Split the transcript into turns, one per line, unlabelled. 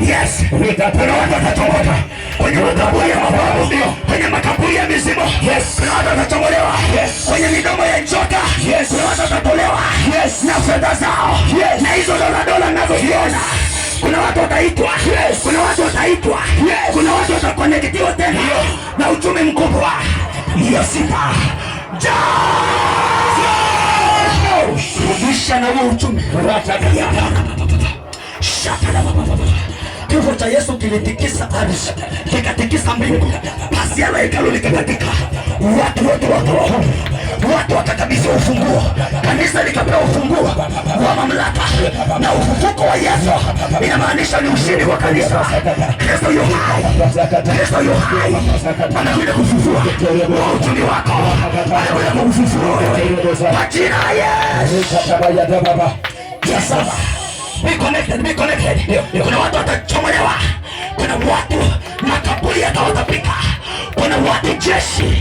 Yes, kwenye makaburi ya mababu, kwenye makaburi ya mizimu. Kuna watu kwenye midomo ya Kuna watu watatolewa na fedha zao na hizo dola dola nazoziona kuna watu wataitwa, kuna watu wataitwa, kuna watu watakonektiwa tena na uchumi mkubwa. Hiyo kuisha na huo uchumi. Kifo cha Yesu kilitikisa ardhi, kikatikisa mbingu, pazia la hekalu likakatika, watu wote wakaoa, watu wakakabidhiwa ufunguo, kanisa likapewa ufunguo wa mamlaka na ufufuko wa Yesu. Inamaanisha ni ushindi wa kanisa. Kristo yu hai, Kristo yu hai, anakuja kufufua uchumi wako. Yesu, kwa watu makaburi yatawatapika, kuna watu jeshi